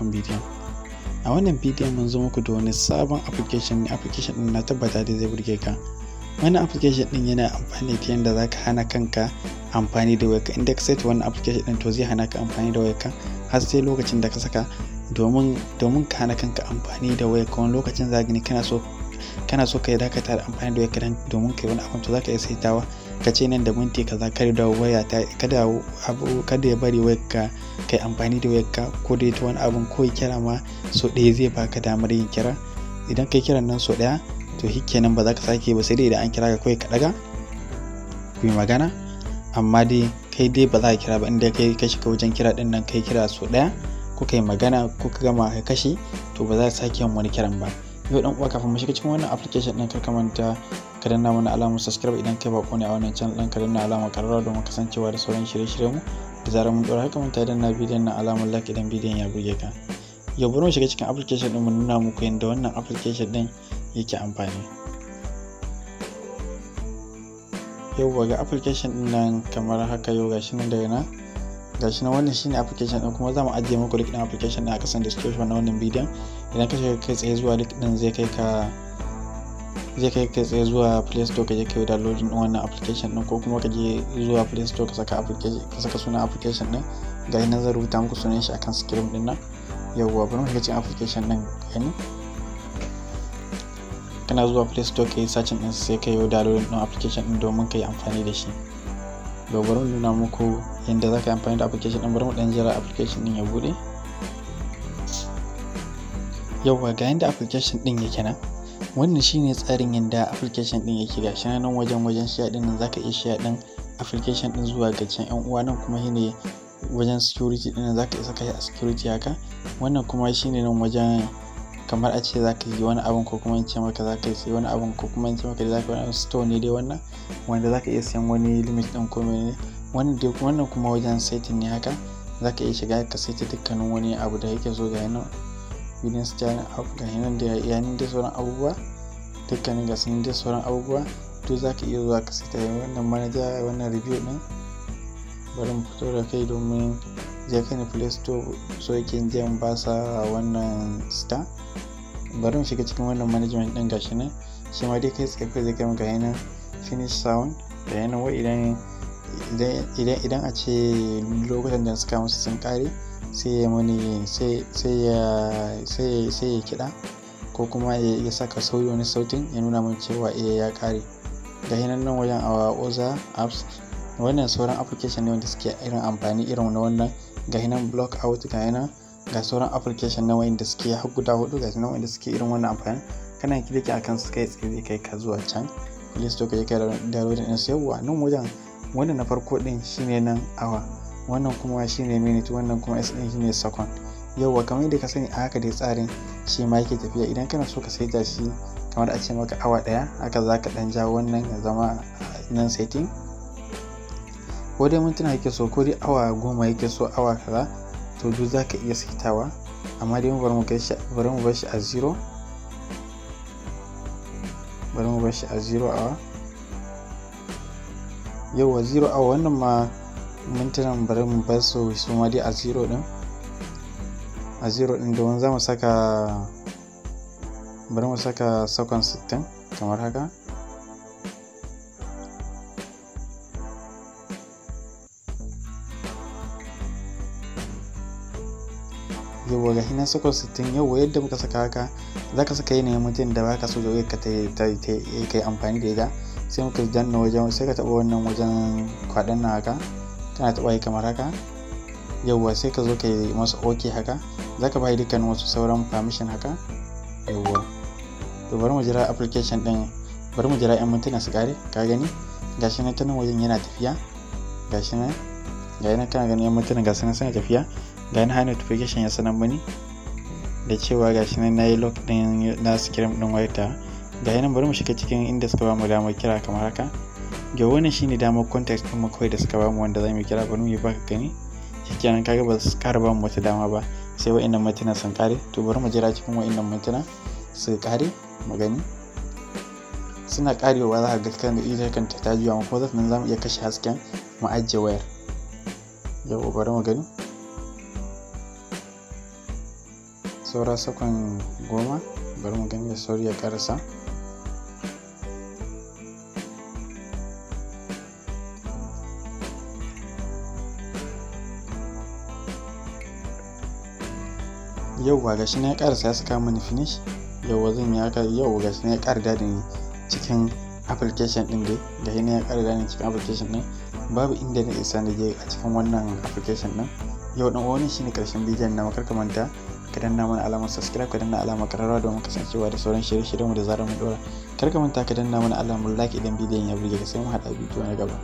kan bidiyon a wannan bidiyon mun zo muku da wani sabon application ne application din na tabbata da zai burge ka wannan application din yana amfani da yadda zaka hana kanka amfani da wayarka inda ka saita wannan application din to zai hana ka amfani da wayarka har sai lokacin da ka saka domin domin ka hana kanka amfani da wayarka wani lokacin gani kana so kana so ka yi dakata da amfani da wayarka domin kai wani abu to zaka iya saitawa ka ce nan da minti kaza kada da waya ta kada abu kada ya bari wayar ka kai amfani da wayar ka ko da ita wani abun ko ya kira ma so ɗaya zai baka damar yin kira idan kai kiran nan so ɗaya to nan ba za ka sake ba sai dai idan an kira ka kai ka ɗaga ku magana amma dai kai dai ba za ka kira ba inda kai ka shiga wajen kira din nan kai kira so ɗaya ko kai magana ko kuka gama ka kashe to ba za ka sake yin wani kiran ba yau dan uwa kafin mu shiga cikin wannan application din kar ka manta ka danna mana alama subscribe idan kai bako ne a wannan channel din ka danna alamar karara domin kasancewa da sauran shirye-shiryen mu da zarar mun dora haka manta danna bidiyon na alamar like idan bidiyon ya buge ka yau bari mu shiga cikin application din mu nuna muku yadda wannan application din yake amfani yau ga application din nan kamar haka yau gashi nan daga nan gashi na wannan shine application din kuma za mu ajiye muku link din application din a kasan description na wannan bidiyon idan ka shiga kai tsaye zuwa link din zai kai ka zai kai kai tsaye zuwa play store ka je kai yi downloading din wannan application din ko kuma ka je zuwa play store ka saka application ka saka sunan application din ga ina zan rubuta muku sunan shi akan screen din nan yawwa bari mu shiga cikin application din gani kana zuwa play store kai searching din sai kai yi downloading din application din domin kai yi amfani da shi yau bari nuna muku yadda za ka yi amfani da application ɗin bari mu ɗan jira application ɗin ya buɗe yauwa ga yadda application ɗin yake nan wannan shine tsarin yadda application ɗin yake gashi nan wajen wajen share ɗin nan zaka iya share ɗin application ɗin zuwa ga can yan uwa nan kuma shi ne wajen security ɗin nan zaka iya saka shi a security haka wannan kuma shine nan wajen kamar a ce za ka yi wani abin ko kuma in ce maka za ka yi wani abin ko kuma in ce maka za ka wani store ne dai wannan wanda za ka iya siyan wani limit ɗin ko mene wannan wannan kuma wajen setting ne haka za ka iya shiga ka saita dukkanin wani abu da yake so ga nan gudun styling abu ga nan da yanin da sauran abubuwa dukkanin ga sun da sauran abubuwa to za ka iya zuwa ka saita wannan manaja wannan review ɗin bari mu fito da kai domin je kai ni play store so yake je ba sa wannan star bari mu shiga cikin wannan management din gashi nan shi ma dai kai tsaye kai zai kai maka yanan finish sound da yanan wa idan idan idan a ce lokutan da suka musu sun kare sai ya muni sai ya sai ya kiɗa ko kuma ya saka sauyi wani sautin ya nuna mun cewa iya eh ya kare ga hinan nan wajen awa oza apps wannan sauran application ne wanda suke irin amfani irin na wannan ga nan block out ga hinan ga sauran application na wayanda suke har guda hudu ga nan wayanda suke irin wannan amfani kana kirki akan su kai tsaye kai ka zuwa can play store kaje kai downloading din su yawa nan wajen wannan na farko din shine nan awa wannan kuma shine minute wannan kuma s din shine second yawa kamar yadda ka sani a haka dai tsarin shi ma yake tafiya idan kana so ka saita shi kamar a ce maka awa daya haka zaka dan ja wannan ya zama nan setting ko dai mintuna yake so ko dai awa goma yake so awa kaza to duk za ka iya saitawa amma dai bari mu bari mu bar shi a zero bari mu bar shi a zero awa yauwa zero awa wannan ma mintunan bari mu bar su su ma dai a zero din a zero din domin za mu saka bari mu saka sakon 60 kamar haka yawwa ga hinan sakon yau wa yadda muka saka haka za ka saka yanayin mutum da ba ka so da ka ta kai amfani da ita sai muka danna wajen sai ka taba wannan wajen kwaɗan na haka tana taɓa yi kamar haka yawwa sai ka zo ka yi masu ok haka za ka bayi dukkan wasu sauran permission haka yawwa to bari mu jira application din bari mu jira 'yan mintuna su kare ka gani gashi nan ta wajen yana tafiya gashi na ga yana kana ganin 'yan mintuna gasu na suna tafiya dan har notification ya sanar mani da cewa gashi nan na yi lock din na screen din waita ga yanan bari mu shiga cikin inda suka ba mu damar kira kamar haka ga wannan shine damar contact din mu kawai da suka ba mu wanda mu kira bari mu yi baka gani shikenan kaga ba su kara ba mu wata dama ba sai wa'annan mutuna sun kare to bari mu jira cikin wa'annan mutuna su kare mu gani suna karewa za ka ga kan da ita kanta ta juya mu kuma zafin zamu iya kashe hasken mu ajiye wayar yau bari mu gani saura sakon goma bari mu gani da sauri ya karasa yau ga shi na ya karasa ya saka mini finish yau zan ya ka yau ga shi na ya karda da ni cikin application din dai ga shi na ya karda ni cikin application din babu inda na isa na je a cikin wannan application din yau dan wani shine karshen bidiyon na makarkamanta ka danna mana alamar subscribe ka danna alamar kararrawa domin kasancewa da sauran shirye-shiryenmu da zarar mu dora kar ka manta ka danna mana alamar like idan bidiyon ya burge ka sai mu haɗa bidiyo na gaba